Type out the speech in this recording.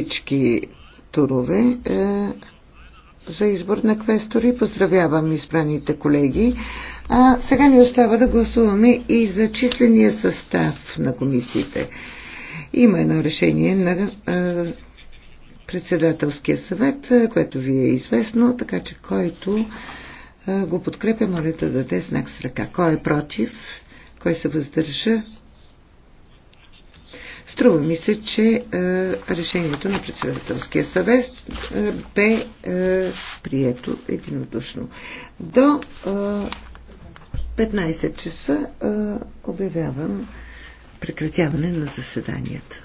всички турове е, за избор на квестори. Поздравявам избраните колеги. А сега ни остава да гласуваме и за числения състав на комисиите. Има едно решение на е, председателския съвет, е, което ви е известно, така че който е, го подкрепя, моля да даде знак с ръка. Кой е против? Кой се въздържа? Струва ми се, че е, решението на председателския съвет е, бе е, прието единодушно. До е, 15 часа е, обявявам прекратяване на заседанията.